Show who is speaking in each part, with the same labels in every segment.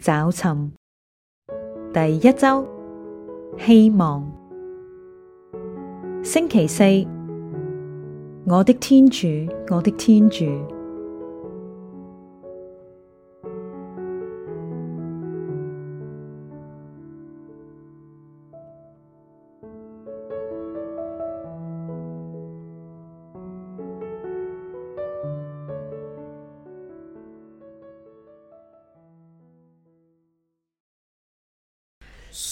Speaker 1: 找尋，第一周希望，星期四，我的天主，我的天主。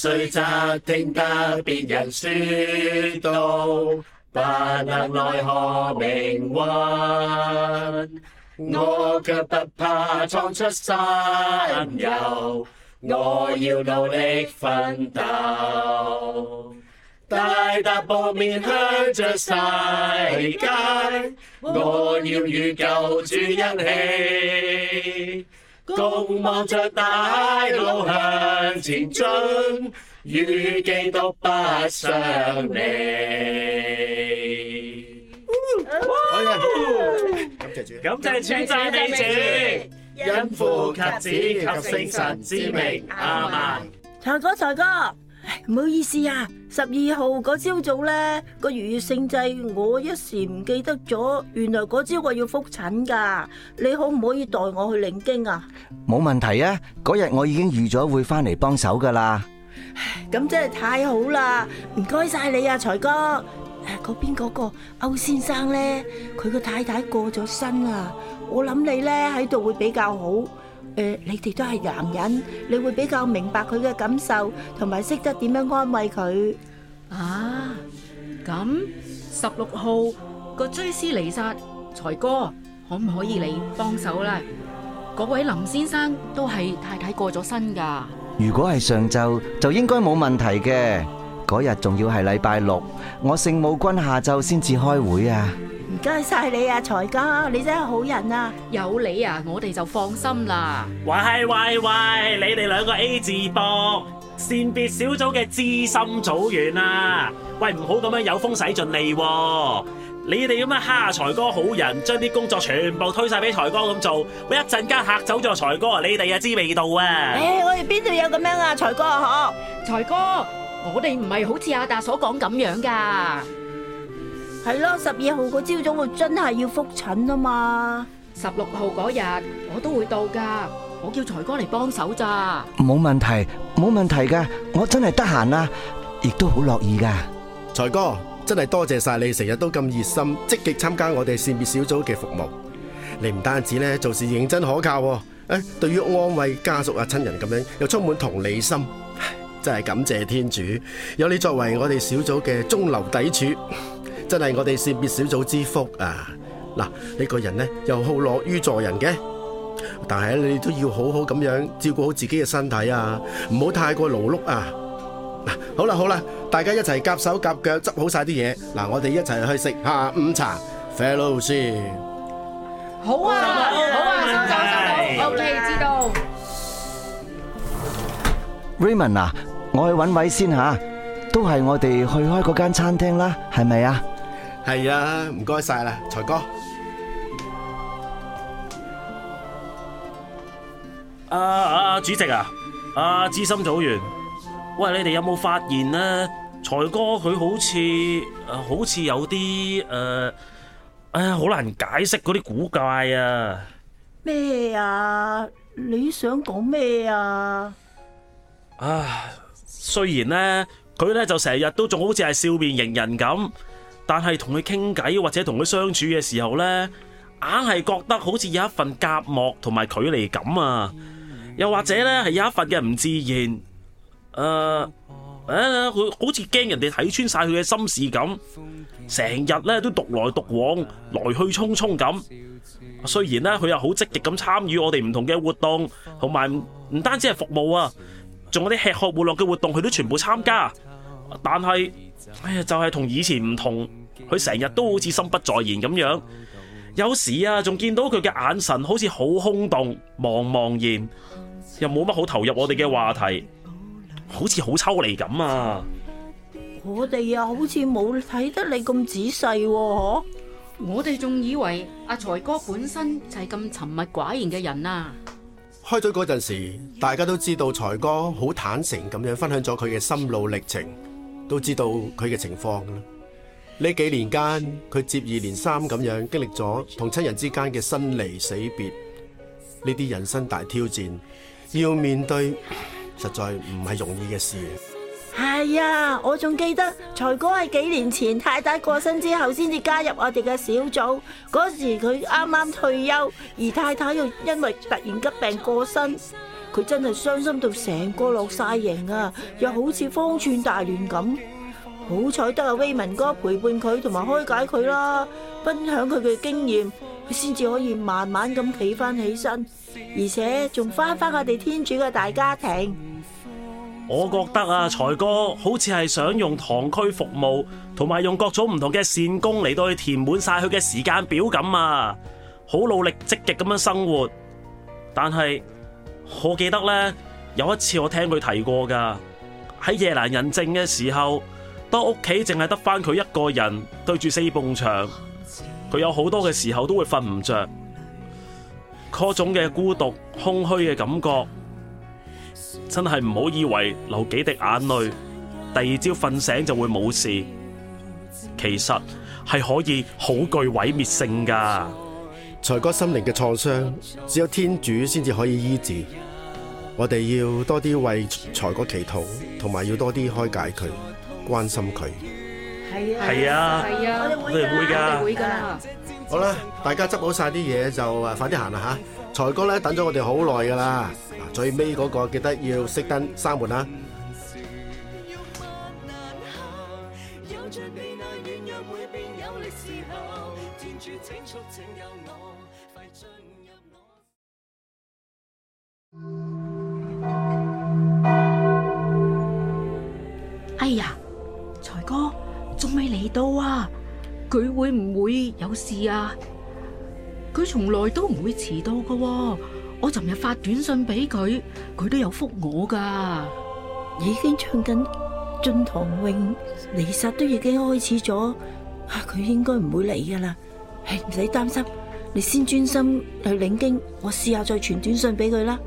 Speaker 2: 雖則聽得別人說道，不能奈何命運。
Speaker 3: 我卻不怕創出新猷，我要努力奮鬥， 大踏
Speaker 2: 步面向着世界。我要與救主一起。共望着大路向前進，與基督不相離 。
Speaker 4: 感謝主，
Speaker 2: 感謝主，讚地主。因父及子及聖神，神之名，阿門、嗯。
Speaker 5: 啊、慢唱歌，唱歌。唔好意思啊，十二號嗰朝早咧個逾越聖祭我一時唔記得咗，原來嗰朝我要複診噶，你可唔可以代我去領經啊？
Speaker 3: 冇問題啊，嗰日我已經預咗會翻嚟幫手噶啦。
Speaker 5: 咁真係太好啦，唔該晒你啊，財哥。誒，嗰邊嗰個歐先生咧，佢個太太過咗身啊，我諗你咧喺度會比較好。誒，你哋都係男人，你會比較明白佢嘅感受，同埋識得點樣安慰佢啊。咁
Speaker 4: 十六號個追思彌撒，財哥可唔可以嚟幫手呢？嗰位林先生都係太太過咗身噶。
Speaker 3: 如果係上晝，就應該冇問題嘅，嗰日仲要係禮拜六，我聖母軍下晝先至開會啊。
Speaker 5: 唔該晒你啊，財哥，你真係好人啊！有你啊，我哋就放心啦。
Speaker 2: 喂喂喂，你哋兩個 A 字膊善別小組嘅資深組員啊！喂，唔好咁樣有風駛盡 𢃇，你哋咁樣蝦財哥好人，將啲工作全部推晒俾財哥咁做，我一陣間嚇走咗財哥，你哋啊知味道啊！誒、
Speaker 5: 欸，我哋邊度有咁
Speaker 4: 樣啊，財哥啊，呵？財哥，我哋唔係好似阿達所講咁樣噶。係咯，十二號嗰朝早我真係要覆診啊嘛！十六號嗰日我都會到噶，我叫財哥嚟幫手咋。
Speaker 3: 冇問題，冇問題噶，我真係得閒啦，亦都好樂意噶。財哥真係多謝晒你，成日都咁熱心積極參加我哋善別小組嘅服務。你唔單止咧做事認真可靠，誒，對於安慰家屬啊、親人咁樣又充滿同理心，真係感謝天主有你作為我哋小組嘅中流砥柱。真係我哋善別小組之福啊！嗱，你個人呢又好樂於助人嘅，但係咧你都要好好咁樣照顧好自己嘅身體啊，唔好太過勞碌啊！好啦好啦，大家一齊夾手夾腳執好晒啲嘢，嗱，我哋一齊去食下午茶，fellowship 啦。
Speaker 4: 好啊，好啊，收到收到，OK，知道。
Speaker 3: Raymond 啊，我去揾位先吓，都係我哋去開嗰間餐廳啦，係咪啊？係啊，唔該晒啦，財哥。
Speaker 2: 阿阿主席啊，阿資深組員，喂，你哋有冇發現呢？財哥佢好似誒，好似有啲誒，哎呀，好難解釋嗰啲古怪啊！
Speaker 5: 咩啊？你想講咩啊？
Speaker 2: 啊，雖然呢，佢呢就成日都仲好似係笑面迎人咁。但係同佢傾偈或者同佢相處嘅時候呢，硬係覺得好似有一份隔膜同埋距離感啊！又或者呢係有一份嘅唔自然，誒誒佢好似驚人哋睇穿晒佢嘅心事咁，成日呢都獨來獨往、來去匆匆咁。雖然呢佢又好積極咁參與我哋唔同嘅活動，同埋唔單止係服務啊，仲有啲吃喝玩樂嘅活動佢都全部參加，但係，哎呀，就係、是、同以前唔同，佢成日都好似心不在焉咁樣，有時啊，仲見到佢嘅眼神好似好空洞，茫茫然，又冇乜好投入我哋嘅話題，好似、啊、好抽離咁啊！
Speaker 5: 我哋啊，好似冇睇得你咁仔細，我哋仲以為阿、啊、財哥本身就
Speaker 4: 係咁沉默寡言嘅人啊！
Speaker 3: 開組嗰陣時，大家都知道財哥好坦誠咁樣分享咗佢嘅心路歷程。都知道佢嘅情況啦。呢幾年間，佢接二連三咁樣經歷咗同親人之間嘅生離死別，呢啲人生大挑戰，要面對實在唔係容易嘅事。
Speaker 5: 係啊，我仲記得財哥喺幾年前太太過身之後先至加入我哋嘅小組，嗰時佢啱啱退休，而太太又因為突然急病過身。佢真係傷心到成個落晒形啊！又好似方寸大亂咁，好彩得阿 Raymond 哥陪伴佢同埋開解佢啦，分享佢嘅經驗，佢先至可以慢慢咁企翻起身，而且仲翻翻我哋天主嘅大家庭。
Speaker 2: 我覺得啊，財哥好似係想用堂區服務同埋用各種唔同嘅善功嚟到去填滿晒佢嘅時間表咁啊，好努力積極咁樣生活，但係。我記得呢有一次我聽佢提過㗎，喺夜闌人靜嘅時候，當屋企淨係得返佢一個人對住四埲牆，佢有好多嘅時候都會瞓唔着，嗰種嘅孤獨空虛嘅感覺，真係唔好以為流幾滴眼淚，第二朝瞓醒就會冇事，其實係可以好具毀滅性㗎。財哥心靈嘅
Speaker 3: 創傷，只有天主先至可以醫治。我哋要多啲為財哥祈禱，同埋要多啲開解佢，關心佢。
Speaker 2: 係啊，
Speaker 3: 係啊，啊
Speaker 4: 我哋會噶，我哋會噶。好啦，
Speaker 3: 大家執好晒啲嘢就快啲行啦吓。財哥咧等咗我哋好耐噶啦，最尾嗰個記得要熄燈閂門啦。
Speaker 5: 那軟弱會
Speaker 4: 變有力時候，我，我。快進入我哎呀，財哥仲未嚟到啊！佢會唔會有事啊？佢從來都唔會遲到噶喎，我尋日發短信俾佢，佢都有覆我噶，
Speaker 5: 已經唱緊。進堂詠，彌撒都已經開始咗，啊，佢應該唔會嚟㗎喇，係唔使擔心。你先專心去領經，我試下再傳短信俾佢啦。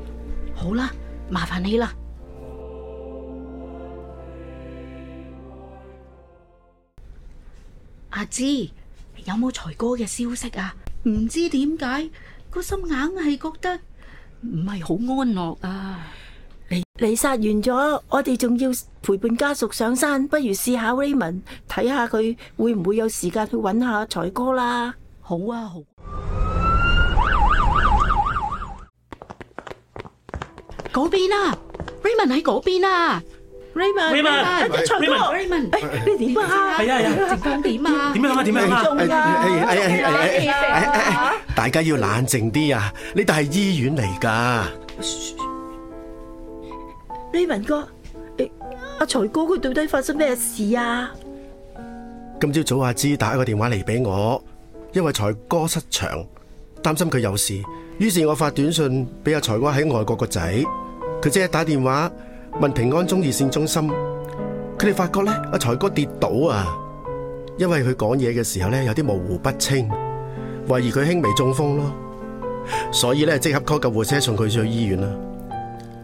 Speaker 5: 好啦，麻煩你啦。
Speaker 4: 阿芝，有冇財哥嘅消息啊？唔知點解個
Speaker 5: 心硬係覺得唔係好安樂啊。彌撒完咗，我哋仲要陪伴家屬上山，不如試下 Raymond，睇下佢會唔會有時間去揾下財哥啦。好啊！好。嗰邊啊，Raymond 喺嗰邊啊
Speaker 4: ，Raymond，Raymond，Raymond，Raymond，你點啊？係啊係啊，情況點啊？點啊點啊，重噶，係係係係係，
Speaker 3: 大家要冷靜啲啊！呢度係醫院嚟噶。
Speaker 5: Raymond 哥，欸，阿財哥佢到底發生咩事啊？
Speaker 3: 今朝早阿芝打一個電話嚟俾我，因為財哥失場，擔心佢有事，於是我發短信俾阿財哥喺外國個仔，佢即刻打電話問平安鐘熱線中心，佢哋發覺咧阿財哥跌倒啊，因為佢講嘢嘅時候咧有啲模糊不清，懷疑佢輕微中風咯，所以咧即刻 call 救護車送佢去醫院啦。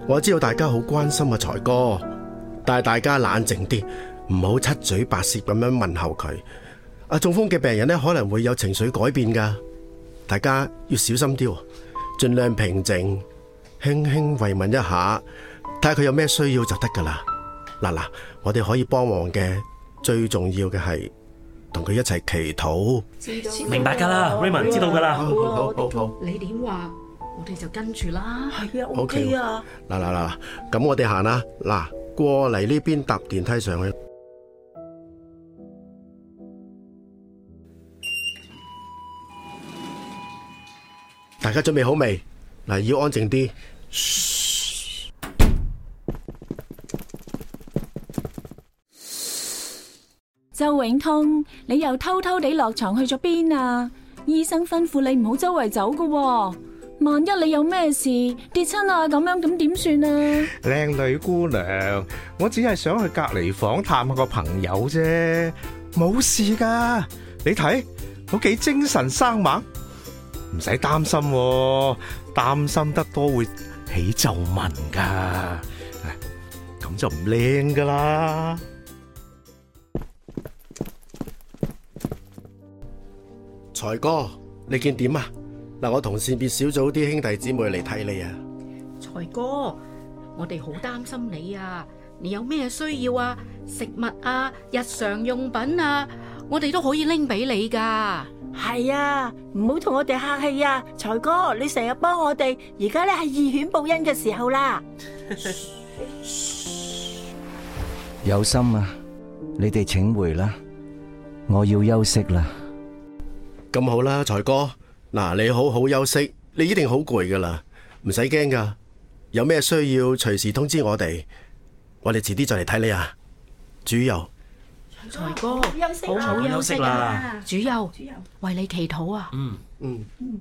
Speaker 3: 我知道大家好關心阿財哥，但係大家冷靜啲，唔好七嘴八舌咁樣問候佢。阿中風嘅病人咧，可能會有情緒改變噶，大家要小心啲，盡量平靜，輕輕慰問一下，睇下佢有咩需要就得噶啦。嗱嗱，我哋可以幫忙嘅，最重要嘅係同佢一齊祈禱，
Speaker 4: 明白噶啦，Raymond 知道噶啦。好好好，你點話？我哋就跟住啦，係啊，OK
Speaker 3: 啊！嗱嗱嗱，咁我哋行啦，嗱過嚟呢邊搭電梯上去，大家準備好未？嗱，要安靜啲，
Speaker 5: 周永通，你又偷偷地落床去咗邊啊？醫生吩咐你唔好周圍走㗎。萬一你有咩事跌親啊咁樣，咁點算啊？
Speaker 3: 靚女姑娘，我只係想去隔離房探下個朋友啫，冇事噶。你睇我幾精神生猛，唔使擔心，擔心得多會起皺紋噶，咁就唔靚噶啦。財哥，你見點啊？嗱，我同善別小組啲兄弟姊妹嚟睇你啊，
Speaker 4: 財哥，我哋好擔心你啊。你有咩需要啊？食物啊、日常用品啊，我
Speaker 5: 哋都可以拎俾你㗎。係啊，唔好同我哋客氣啊，財哥，你成日幫我哋，而家咧係義犬報恩嘅時候啦。
Speaker 3: 有心啊，你哋請回啦，我要休息啦。咁好啦，財哥。嗱，你好好休息，你一定好攰噶啦，唔使驚噶，有咩需要隨時通知我哋，我哋遲啲再嚟睇你啊，主佑，
Speaker 5: 財哥，好好
Speaker 4: 休息啦，息息
Speaker 1: 主佑，為你祈禱啊，嗯嗯。嗯。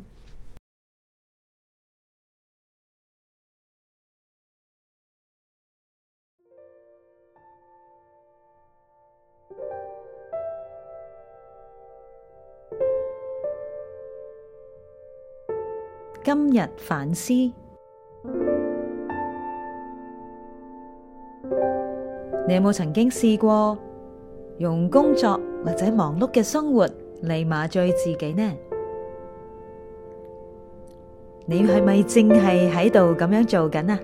Speaker 1: 今日反思，你有冇曾經試過用工作或者忙碌嘅生活嚟麻醉自己呢？你係咪淨係喺度咁樣做緊啊？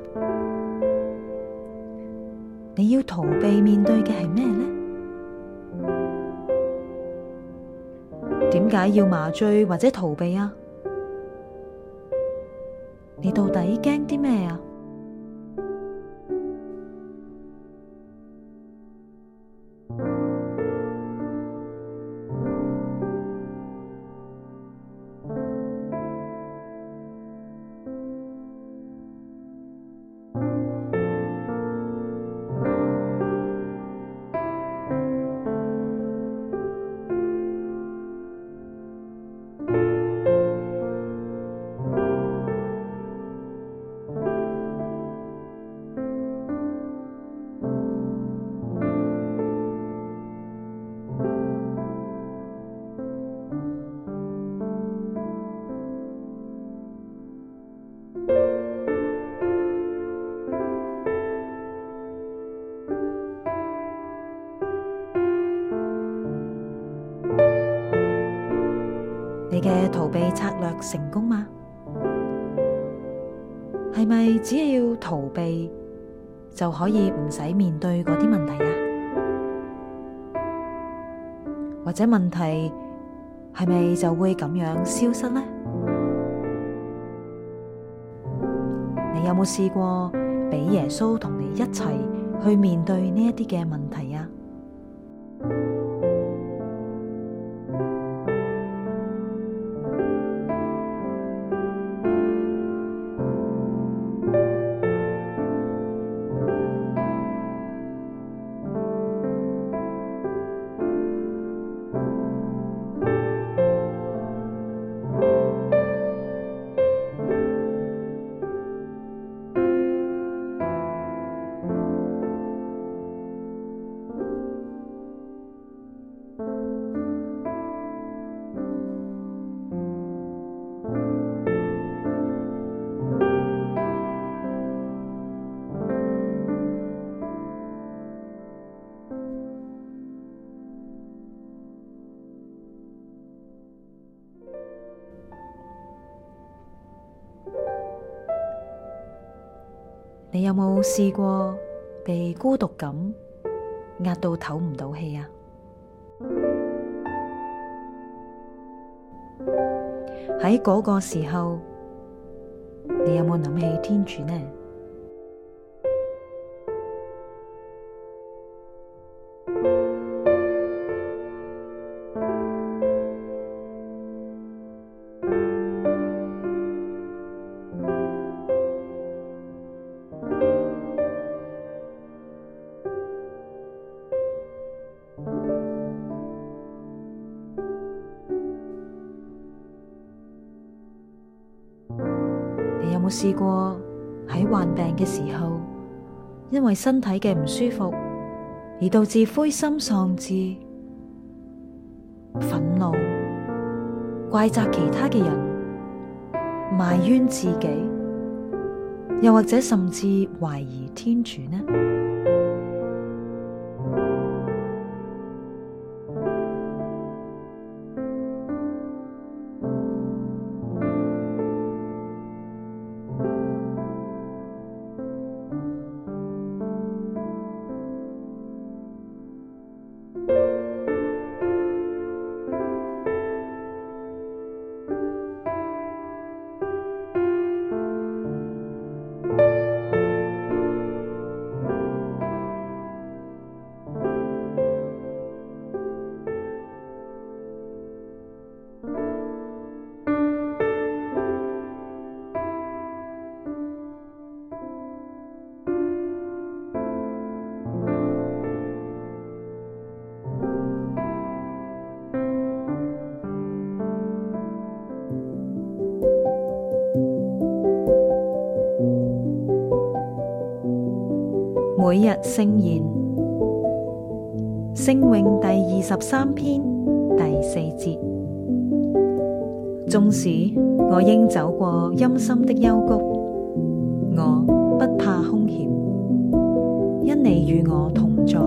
Speaker 1: 你要逃避面對嘅係咩呢？點解要麻醉或者逃避啊？你到底驚啲咩啊？逃避策略成功嗎？係咪只要逃避就可以唔使面對嗰啲問題啊？或者問題係咪就會咁樣消失呢？你有冇試過俾耶穌同你一齊去面對呢一啲嘅問題啊？你有冇試過被孤獨感壓到唞唔到氣啊？喺嗰 個時候，你有冇諗起天主呢？試過喺患病嘅時候，因為身體嘅唔舒服，而導致灰心喪志、憤怒、怪責其他嘅人、埋怨自己，又或者甚至懷疑天主呢？每日聖言，聖詠第二十三篇第四節，縱使我應走過陰森的幽谷，我不怕凶險，因你與我同在。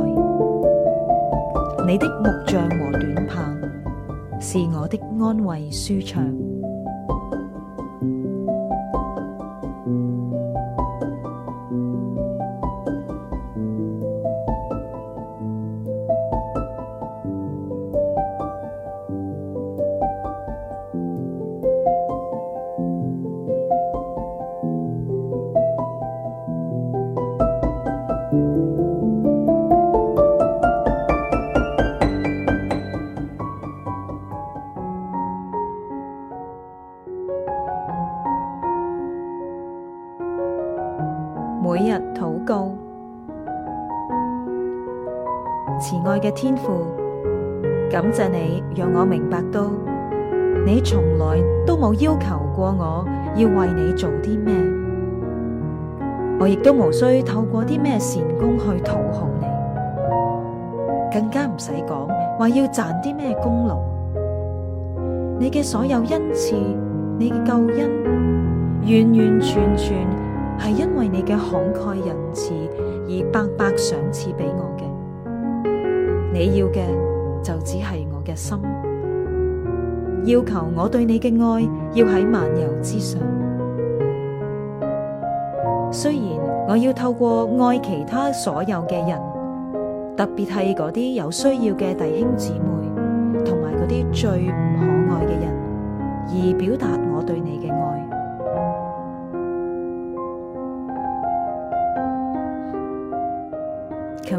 Speaker 1: 你的木杖和短棒是我的安慰舒暢。告慈愛嘅天父，感謝你，讓我明白到，你從來都冇要求過我要為你做啲咩，我亦都無需透過啲咩善功去討好你，更加唔使講話要賺啲咩功勞，你嘅所有恩賜，你嘅救恩，完完全全嘅慷慨仁慈而白白賞賜俾我嘅，你要嘅就只係我嘅心，要求我對你嘅愛要喺萬有之上。雖然我要透過愛其他所有嘅人，特別係啲有需要嘅弟兄姊妹，同埋啲最唔可愛嘅人，而表達我對你。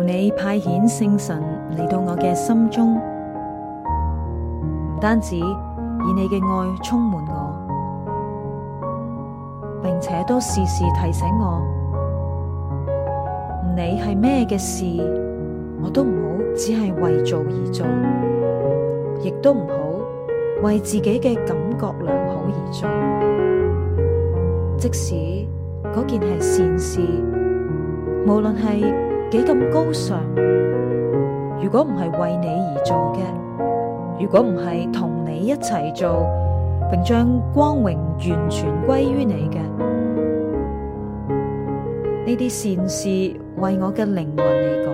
Speaker 1: 你派遣聖神嚟到我嘅心中，唔單止以你嘅愛充滿我，並且都時時提醒我，唔理係咩嘅事，我都唔好只係為做而做，亦都唔好為自己嘅感覺良好而做，即使嗰件係善事，無論係幾咁高尚？如果唔係為你而做嘅，如果唔係同你一齊做，並將光榮完全歸於你嘅，呢啲善事為我嘅靈魂嚟講，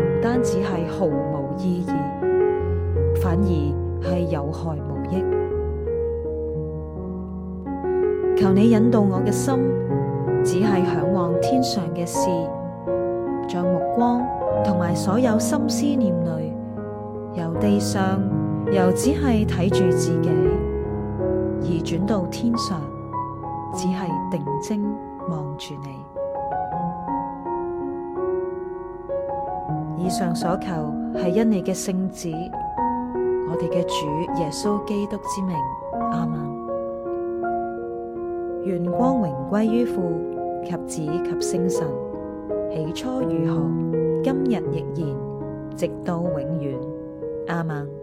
Speaker 1: 唔單止係毫無意義，反而係有害無益。求你引導我嘅心，只係向往天上嘅事。將目光同埋所有心思念慮由地上，又只係睇住自己，而轉到天上，只係定睛望住你。以上所求係因你嘅聖子，我哋嘅主耶穌基督之名，阿門。願光榮歸於父及子及聖神。起初如何，今日亦然，直到永遠。亞孟。